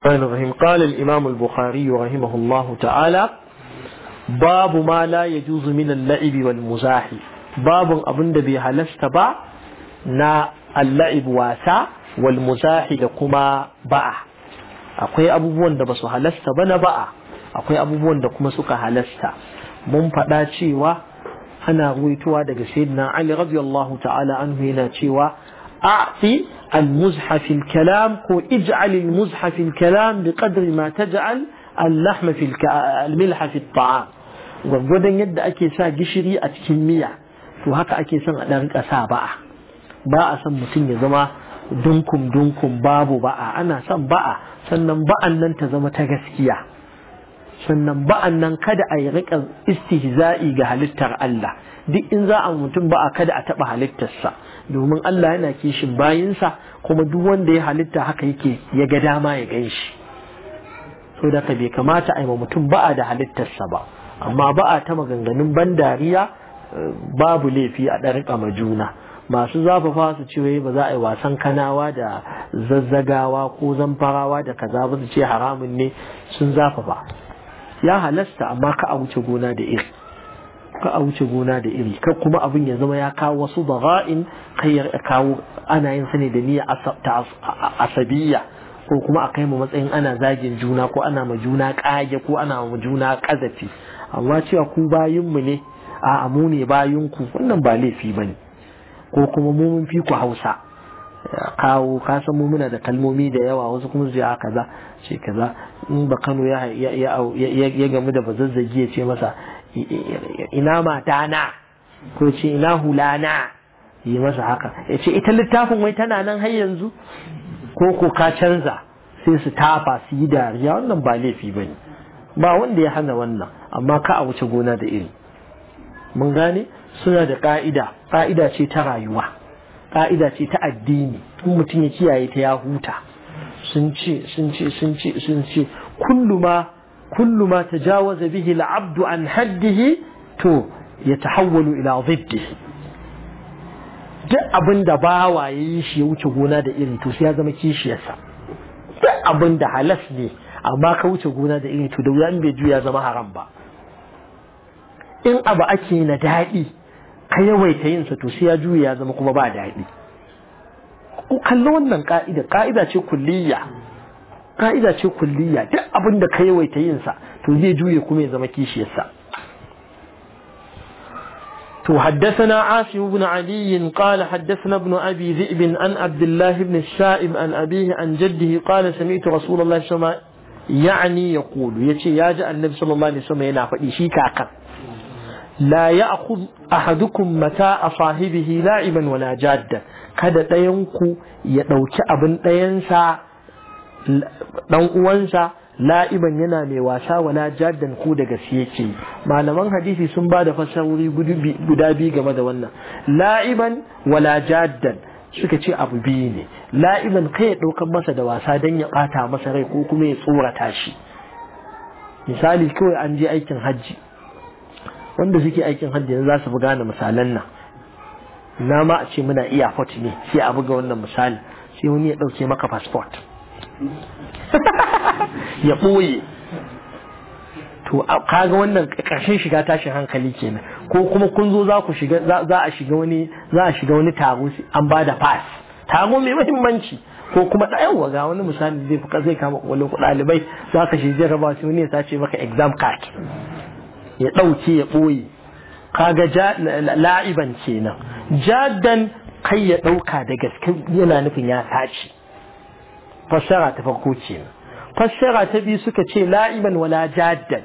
الرحمن الرحيم قال الإمام البخاري رحمه الله تعالى باب ما لا يجوز من اللعب والمزاح باب أبن دبي لستبع نا اللعب واسع والمزاح لكما باع أقوي أبوبون دبسو بنا نباع أقوي أبوبون دكما سكا هلستبع من فداتي و أنا غويتوا دك سيدنا علي رضي الله تعالى عنه هنا تيوا أعطي المزح في الكلام هو اجعل المزح في الكلام بقدر ما تجعل اللحم في الك... الملح في الطعام وغدن يد اكي سا غشري اتكين ميا تو هكا اكي سان ادان قسا با با بابو با انا سان با سنن با نن تا زما تا غسكيا sannan ba annan kada a yi riƙa istihza'i ga halittar Allah duk in za a mutum ba kuma duk wanda ya halitta haka yake ya ga dama ya gan shi so da ka bai kamata a yi mutum ba'a da halittarsa ba amma ba'a ta maganganun ban dariya babu laifi a ɗarika ma juna masu zafafa su ce ba za a yi wasan kanawa da zazzagawa ko zamfarawa da kaza ba su ce haramun ne sun zafafa ya halasta amma ka a wuce gona da iri ka a wuce gona da iri ka kuma abin ya zama ya kawo wasu ra'in kai a kawo ana yin sani da niyya ta asabiyya ko kuma a kai mu matsayin ana zagin juna ko ana ma juna kage ko ana ma juna kazafi amma cewa ku bayin mu ne a amu ne bayin ku wannan ba laifi bane ko kuma mu mun fi ku Hausa kawo ka san muna da kalmomi da yawa wasu kuma zai kaza ce kaza in ba Kano ya ya ya gamu da bazazzagi ya ce masa ina matana ko ce ina hulana yi masa haka ya ce ita littafin wai tana nan har yanzu ko ko ka canza sai su tafa su yi dariya wannan ba laifi ba ne ba wanda ya hana wannan amma ka a wuce gona da iri mun gane suna da ƙa'ida ƙa'ida ce ta rayuwa ƙa'ida ce ta addini in mutum ya kiyaye ta ya huta sun ce sun ce sun ce sun ce kullu ma كل ما تجاوز به العبد عن حده تو يتحول إلى ضده duk abin da bawa ya yi shi ya wuce gona da iri to sai ya zama kishiyarsa duk abin da halas ne amma ka wuce gona da iri to da wuya in bai juya zama haram ba in abu ake na daɗi ka yawaita yinsa to sai ya juya ya zama kuma ba daɗi kalli wannan ka'ida ka'ida ce kulliyya ka'ida ce kulliya duk abin da ka yawaita yin sa to zai juye kuma ya zama kishiyarsa تو حدثنا عاصم بن علي قال حدثنا ابن أبي ذئب عن عبد الله بن الشائب عن أبيه عن جده قال سمعت رسول الله صلى الله عليه وسلم يعني يقول يتي يا النبي صلى الله عليه وسلم ينا فدي شي كاكا لا يأخذ أحدكم متاع صاحبه لاعبا ولا جادا kada ɗayanku ya ɗauki abin ɗayansa dan uwansa la'iban yana mai wasa wala jaddan ko daga gaske yake malaman hadisi sun ba da fasawuri guda biyu game da wannan la'iban wala jaddan suka ce abu biyu ne la'iban kai ya ɗaukar masa da wasa dan ya ɓata masa rai ko kuma ya tsorata shi misali kawai an je aikin hajji wanda suke aikin hajji za su buga gane misalan nan na ma a ce muna iya ne sai a buga wannan misali sai wani ya ɗauke maka fasfot ya ɓoye to kaga wannan ƙarshen shiga tashin hankali kenan ko kuma kun zo za shiga a shiga wani za a shiga wani taro an ba da pass taro mai mahimmanci. ko kuma yawa ga wani misali zai fuka zai kama kwallo ku ɗalibai za ka shirya raba su ne sace maka exam card ya ɗauke ya ɓoye kaga la'iban kenan jaddan kai ya ɗauka da gaske yana nufin ya sace fassara ta farko ce fassara ta biyu suka ce la'iban wala jaddan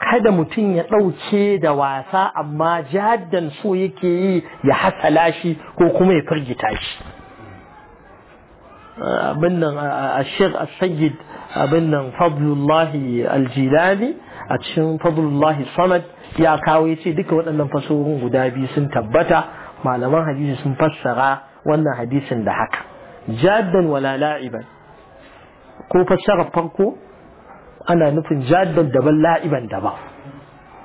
kada mutum ya ɗauke da wasa amma jaddan so yake yi ya hasala shi ko kuma ya firgita shi abin nan a shek a sagid abin nan fadlullahi aljilani a cikin fadlullahi samad ya kawo ya ce duka waɗannan fasohin guda biyu sun tabbata malaman hadisi sun fassara wannan hadisin da haka jaddan wala la'iban ko fassarar farko ana nufin jaddan daban la'iban daban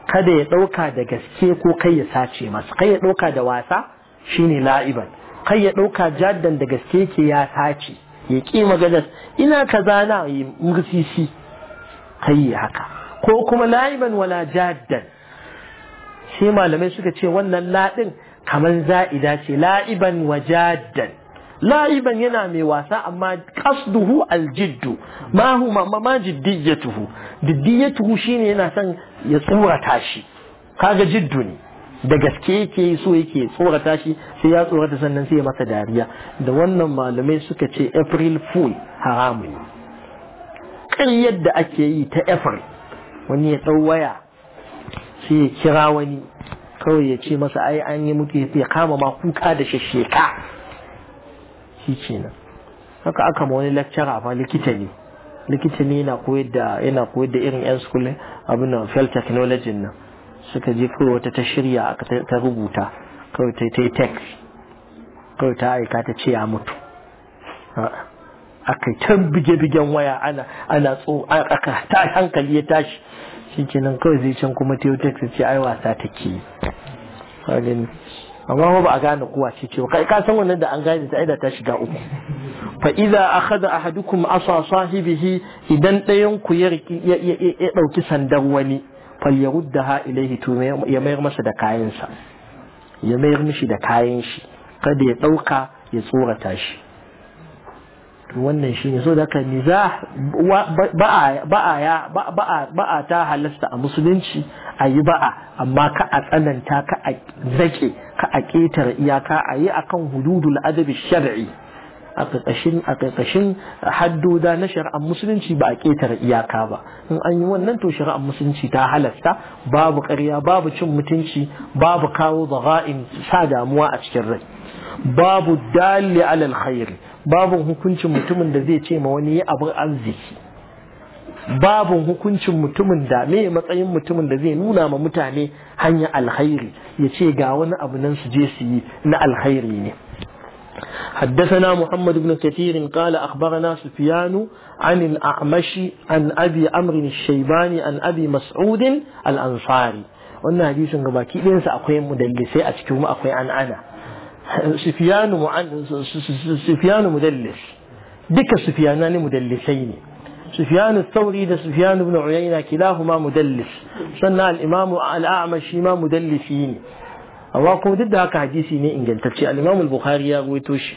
kada ya ɗauka da gaske ko kai ya sace masa kai ya ɗauka da wasa shine la'iban kai ya ɗauka jaddan da gaske ke ya sace ya ki magana ina kaza na yi mursisi kai haka ko kuma la'iban wala jaddan sai malamai suka ce wannan laɗin kamar za'ida ce la'iban wa jaddan la'iban yana mai wasa amma kasduhu aljiddu ma huma ma jiddiyatuhu jiddiyatuhu shine yana son ya tsorata shi kaga jiddu ne da gaske yake so yake tsorata shi sai ya tsorata sannan sai ya masa dariya da wannan malamai suka ce april fool haramu ne ƙaryar da ake yi ta april wani ya ɗau waya sai ya kira wani kawai ya ce masa ai an yi muke ya kama ma kuka da shesheka. shi nan haka aka ma wani lecturer ba likita ne likita ne yana koyar da yana koyar da irin yan school abin nan field technology nan suka je kawai wata ta shirya aka ta rubuta kawai ta ta text kawai ta aika ta ce ya mutu aka can bige-bigen waya ana ana tso aka ta hankali ya tashi shi kenan kawai zai can kuma ta yi text ce ai wasa take amma ba a gane kowa ce ce kai ka san wannan da an gane ta aida ta shiga uku fa idza akhadha ahadukum asa sahibihi idan ɗayan ku ya ya dauki sandar wani yuddaha ilayhi to ya mayar masa da kayansa ya mayar mishi da kayan shi kada ya dauka ya tsorata shi wannan shi ne so da ka niza ba a ta halasta a musulunci a yi ba'a amma ka a tsananta ka a zake ka a ƙetare iyaka a yi akan hududul adabi shar'i a ƙarƙashin a ƙarƙashin haddoda na shari'ar musulunci ba a ƙetare iyaka ba in an yi wannan to shari'ar musulunci ta halasta babu ƙarya babu cin mutunci babu kawo zaga'in sa damuwa a cikin rai babu dalli alal khairi babu hukuncin mutumin da zai ce ma wani yi abin arziki babu hukuncin mutumin da me matsayin mutumin da zai nuna ma mutane hanya alkhairi ya ce ga wani abu nan su je su yi na alkhairi ne حدثنا محمد بن كثير قال أخبرنا سفيان عن الأعمش عن أبي أمر الشيباني عن أبي مسعود الأنصاري wannan hadisin ga baki ɗinsa akwai mudallisai a cikin akwai an ana sufiyanu mudallis duka sufiyana ne mudallisai ne سفيان الثوري ده سفيان بن عيينة كلاهما مدلس سنة الإمام الأعمش ما مدلسين amma kuma duk da haka hadisi ne ingantacce al-Imam al-Bukhari ya ruwaito shi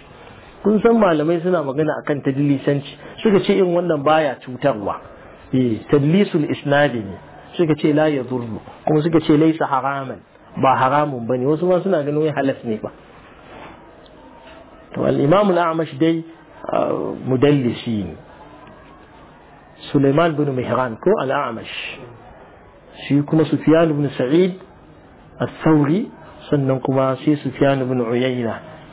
kun san malamai suna magana akan tadlisanci suka ce in wannan baya cutarwa eh tadlisul isnadi ne suka ce la yadurru kuma suka ce laisa haraman ba haramun bane wasu ma suna ganin wai halas ne ba to al-Imam al-Amash dai mudallisi ne Suleiman bin Mihran ko al'amash shi kuma Sufyan bin Sa'id al-Thawri sannan kuma sai Sufyan bin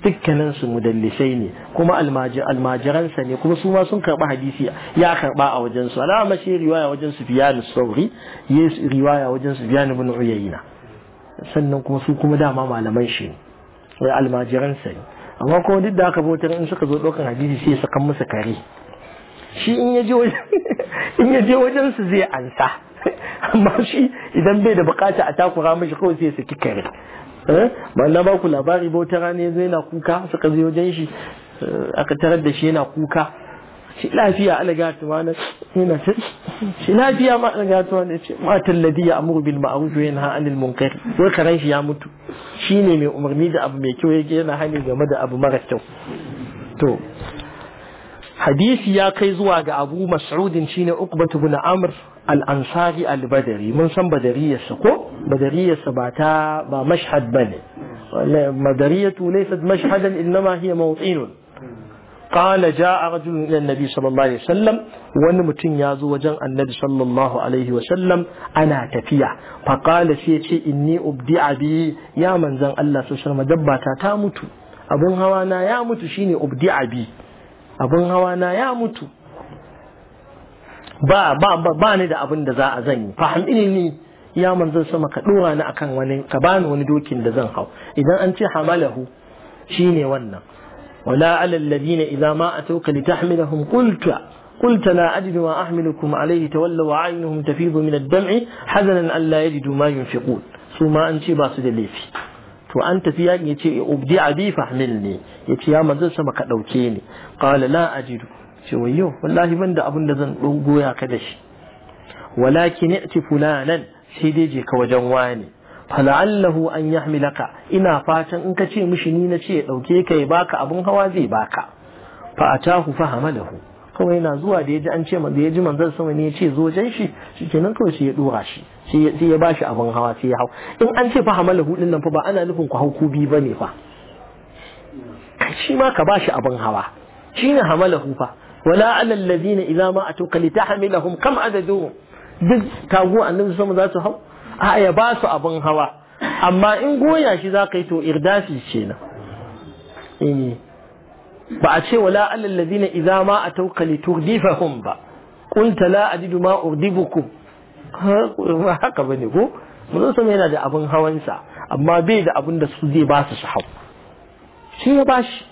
dukkanin su mudallisai ne kuma almajiransa ne kuma su ma sun karba hadisi ya karba a wajen su al'amash ya riwaya wajen Sufyan al sauri ya riwaya wajen Sufyan bin Uyayna sannan kuma su kuma dama malaman shi wai almajiransa ne amma kuma duk da aka bautar in suka zo ɗaukar hadisi sai su kan musu kare shi in ya je wajen in ya je wajen su zai ansa amma shi idan bai da bukata a takura mashi kawai sai saki kare eh? na ba ku labari ba wata rana yanzu yana kuka suka zai wajen shi eh, aka tarar da shi yana kuka shi lafiya ala gata wani yana shi lafiya ma ala gata wani ce matan ladiya a murbin ma'ruf wa yanha anil munkar wai karen shi ya mutu ne mai umarni da abu mai kyau yake yana hani game da abu mara kyau to حديث يا kai zuwa ga abu mas'udin shine uqbatu bin amr al-ansari al-badri mun san badariyarsa ko badariyarsa ba ta ba mashhad bane madariyatu laysat mashhadan innama قال جاء رجل الى النبي صلى الله عليه وسلم وان متين يازو وجن النبي صلى الله عليه وسلم انا تفيا فقال شيء اني ابدع بي يا من زن الله صلى الله عليه وسلم دباتا تاموتو ابو هوانا يا موتو شيني ابدع بي abin hawa na ya mutu ba ba ba ba ni da abin da za a zan zanyi fahimini ni ya manzon sama ka dora ni akan wani ka bani wani dokin da zan hau idan an ce hamalahu shine wannan wala alal ladina idza ma atuka litahmilahum qulta قلت لا أجد ما أحملكم عليه تولوا عينهم تفيض من الدمع حزنا ألا يجدوا ما ينفقون ثم أنت باس ليفي to an tafi yaƙi ya ce ubdi abi fahmin ne ya ce ya manzan sama ka ɗauke ni qala la ajidu ce wayo wallahi ban da abin da zan goya ka da shi walakin ati fulanan sai dai je ka wajen wani fala'allahu an yahmilaka ina fatan in ka ce mishi ni na ce ya ɗauke ka ya baka abin hawa zai baka fa atahu fa hamalahu kawai na zuwa da ya ji an ce da ya ji manzon sama ne ya ce zo jan shi kenan kawai shi ya dora shi sai ya bashi abin hawa sai ya hau in an ce fa hamalahu din nan fa ba ana nufin ku hau ku bi bane fa shi ma ka bashi abin hawa shine hamalahu fa wala ala alladhina idza ma atuka litahmilahum kam adaduhu duk tagu annabi sama za su hau a ya ba su abin hawa amma in goya shi za ka yi to irdafi kenan eh ba a ce wala ala alladhina idza ma atuka liturdifahum ba قلت لا أجد ما أغضبكم ba haka bane ko manzon sama yana da abin hawansa amma bai da abin da su zai ba su hau sai ya bashi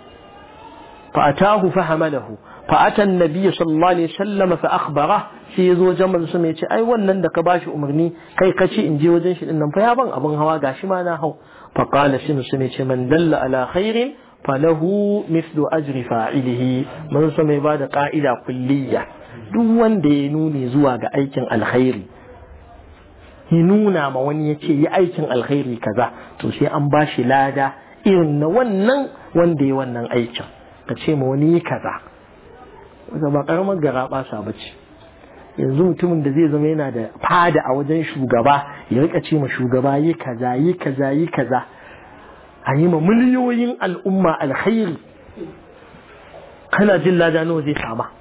fa atahu fa hamalahu fa ata annabi sallallahu alaihi wasallam fa akhbara sai yazo wajen su mai ce ai wannan da ka bashi umarni kai ka ci in je wajen shi din nan fa ya ban abin hawa gashi ma na hau fa qala shi mai ce man dalla ala khairin falahu mithlu ajri fa'ilihi manzon mai ya bada ka'ida kulliyya duk wanda ya nuni zuwa ga aikin alkhairi ya nuna ma wani ya ce yi aikin alkhairi kaza to sai an ba shi lada irin na wannan wanda ya wannan aikin ka ce ma wani yi kaza wanda ba karamar gara sa ba ce yanzu mutumin da zai zama yana da fada a wajen shugaba ya rika ce ma shugaba yi kaza yi kaza yi kaza a yi ma miliyoyin al'umma alkhairi kana jin lada nawa zai sama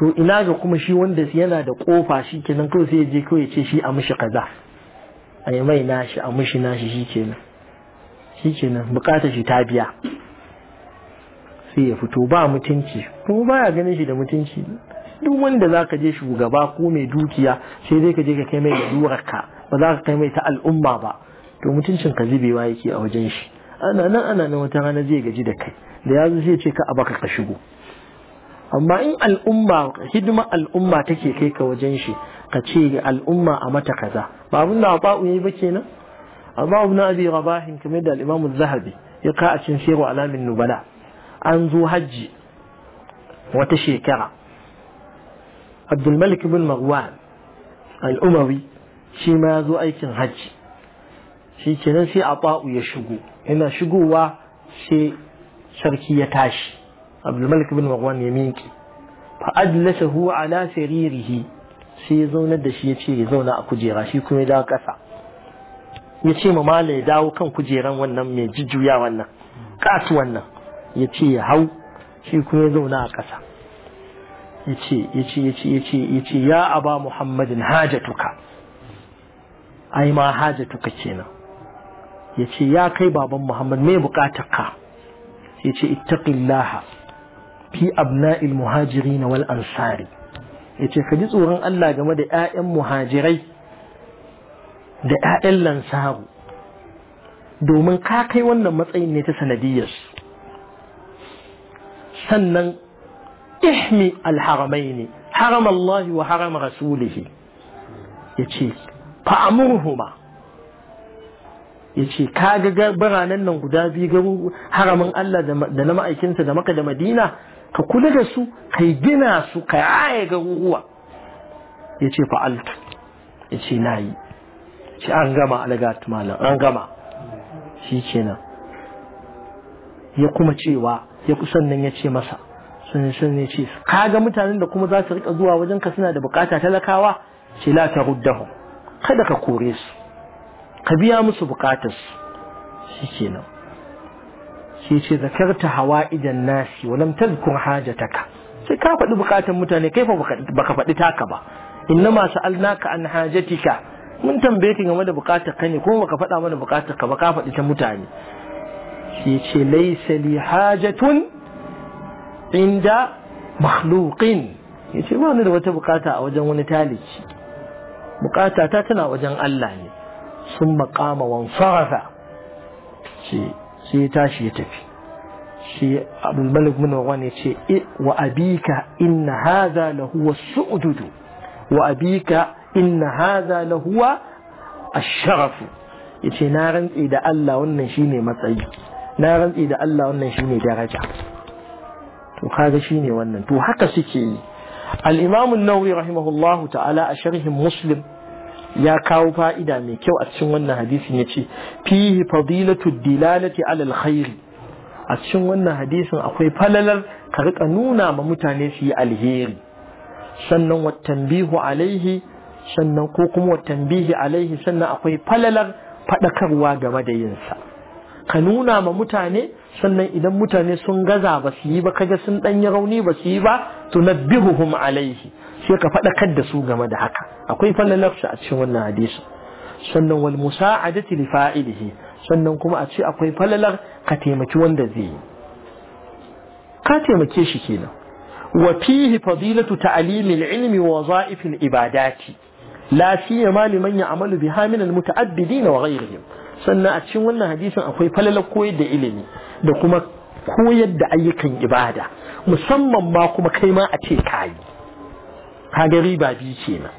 to ina ga kuma shi wanda yana da kofa shi kenan kawai sai ya je kawai ce shi a mishi kaza a yi mai nashi a mishi nashi shi kenan shi kenan bukata shi ta biya sai ya fito ba mutunci kuma ya ganin shi da mutunci duk wanda za ka je shugaba ko mai dukiya sai dai ka je ka kai mai duwarka ba za ka kai mai ta al'umma ba to mutuncin ka zubewa yake a wajen shi ana nan ana nan wata rana zai gaji da kai da yanzu sai ce ka a baka ka shigo amma in al'umma hidima al'umma take kai ka wajen shi ka ce al'umma a mata kaza ba abin da aba'u yayi ba kenan amma ibn abi rabah kuma da al-imam az zahabi ya ka a cikin shiru alamin nubala an zo haji wata shekara abdul malik ibn marwan al-umawi shi ma zo aikin haji shi kenan sai a aba'u ya shigo yana shigowa sai sarki ya tashi abdulmalik bin marwan ya miƙe fa hu ala saririhi sai ya zaunar da shi ya ce ya zauna a kujera shi kuma ya dawo ƙasa ya ce ma mala ya dawo kan kujeran wannan mai jujjuya wannan Ƙasu wannan ya ce ya hau shi kuma ya zauna a ƙasa ya ce ya ce ya ce ya ce ya ce ya aba muhammadin hajatuka ai ma hajatuka kenan ya ce ya kai baban muhammad mai bukatar ka ya ce ittaqillaha fi abna'il muhajirin wal ansari yace ka ji tsoron Allah game da ƴaƴan muhajirai da ƴaƴan lansaru domin ka kai wannan matsayin ne ta sanadiyar sannan ihmi alharamaini haram Allah wa haram rasulihi yace fa'amurhuma yace ga biranen nan guda biyu garuru haramin Allah da na ma'aikinsa da maka da Madina ka kula da su ka yi gina su ka ga ruwa. ya ce fa'altu ya ce na yi shi an gama alagatu malam an gama shi kenan ya kuma cewa ya kusan nan ya ce masa sun sun ne ce Ka ga mutanen da kuma za su rika zuwa wajen ka suna da bukata talakawa ce la ta ruddahu kada ka kore su ka biya musu bukatar su shi kenan sai ce zakarta hawaijan nasi wa lam tadhkur hajataka sai ka faɗi bukatun mutane kai fa baka faɗi taka ba inna ma sa'alnaka an hajatika mun tambaye ka game da bukatun ka ne ko baka faɗa mana bukatun ka ba ka faɗi ta mutane shi ce laysa li hajatun inda makhluqin yace ba ni da wata bukata a wajen wani taliki bukata ta tana wajen Allah ne sun maƙama wansarafa ce shi ya tashi ya tafi shi abin malik bin wani ya ce wa abika inna hadha huwa su'dudu wa abika inna hadha huwa ash sharaf yace na rantsi da Allah wannan shine matsayi na rantsi da Allah wannan shine daraja to kaga shine wannan to haka suke yi al-imam an-nawawi rahimahullahu ta'ala a sharhin muslim ya kawo fa'ida mai kyau a cikin wannan hadisin ya ce fihi fadilatu dilalati alal khairi a cikin wannan hadisin akwai falalar ka rika nuna ma mutane su yi alheri sannan watan bihu alaihi sannan ko kuma watan bihi alaihi sannan akwai falalar faɗakarwa game da yinsa ka nuna ma mutane sannan idan mutane sun gaza ba su yi ba kaga sun ɗanyi rauni ba su yi ba tunabbihuhum alaihi sai ka faɗakar da su game da haka akwai nafsu a cikin wannan hadisi sannan wal musa'adati li fa'ilihi sannan kuma a ce akwai fallalar ka taimaki wanda zai ka taimake shi kenan wa fihi fadilatu ta'limi al-ilmi wa za'if al-ibadati la siyama liman ya'malu biha min al muta'addidin wa ghayrihim sannan a cikin wannan hadisin akwai fallalar koyar da ilimi da kuma koyar da ayyukan ibada musamman ma kuma kai ma a ce kai kaga riba biyu kenan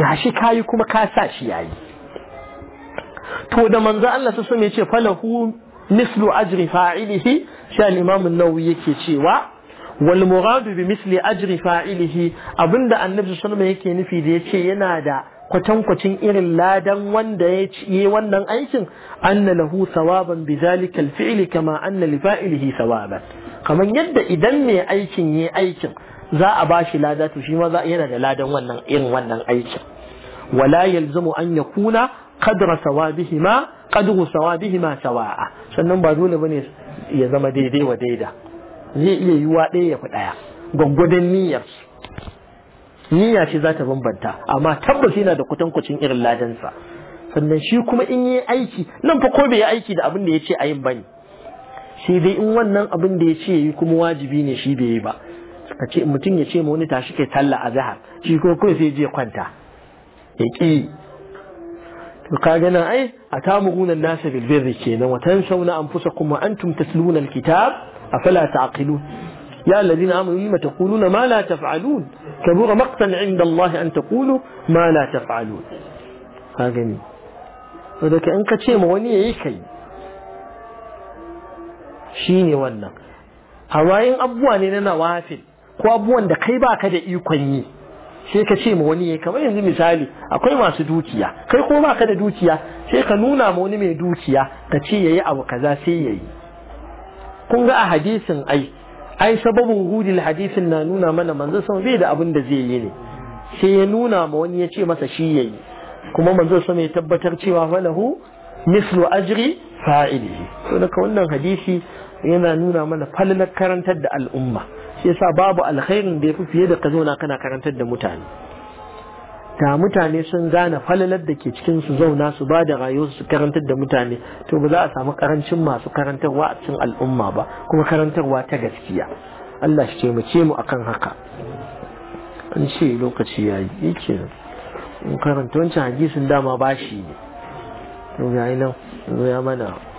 gashi kai kuma ka sa shi yayi to da manzo Allah sai sun ce falahu mislu ajri fa'ilihi sha imam an-nawawi yake cewa wal muradu bi misli ajri fa'ilihi abinda annabi sallallahu yake nufi da yace yana da kwatan kwacin irin ladan wanda ya ci wannan aikin anna lahu sawaban bi zalika al-fi'li kama anna li fa'ilihi sawaban kaman yadda idan mai aikin yayi aikin za a ba shi lada to shi ma za yana da ladan wannan irin wannan aikin wala yalzamu an yakuna qadra sawabihima qadru sawabihima sawa'a sannan ba dole bane ya zama daidai wa daida zai iya yiwa ɗaya ya fi ɗaya gwaggwadon niyyar niyya ce za ta bambanta amma tabbas yana da kutankucin irin ladansa sannan shi kuma in yi aiki nan fa ko bai yi aiki da abin da ya ce a yin bane sai dai in wannan abin da ya ce yi kuma wajibi ne shi bai yi ba kace mutun ya ce mu wani tashi kai talla a zahar shi ko kai sai je kwanta ya ƙi to ka nan ai a tamurunan nasa bilbirri kenan wa tansawna anfusakum wa antum tatluna alkitab afala ta'qilun ya alladhina amanu ma taquluna يا الذين آمنوا لم تقولون ما لا تفعلون كبر مقتا عند الله ni to da ke an kace mu wani yayi kai shine wannan hawayin abuwa ne na nawafil ko abubuwan da kai ba ka da ikon yi sai ka ce ma wani ya kamar yanzu misali akwai masu dukiya kai ko ba ka da dukiya sai ka nuna ma wani mai dukiya ka ce ya yi abu kaza sai ya yi. kun ga a hadisin ai ai sababin gudil hadisin na nuna mana manzo sama bai da abin da zai yi ne sai ya nuna ma wani ya ce masa shi ya yi. kuma manzo sama ya tabbatar cewa falahu mislu ajri fa'ilihi to daga wannan hadisi yana nuna mana falalar karantar da al'umma shi yasa babu alkhairin da ya fi fiye da ka zauna kana karantar da mutane da mutane sun gane falalar da ke cikin su zauna su ba da rayu su karantar da mutane to ba za a samu karancin masu karantarwa a cikin al'umma ba kuma karantarwa ta gaskiya Allah shi taimake mu akan haka an ce lokaci ya yi yake karanta wancan hadisin dama bashi ne to nan ya mana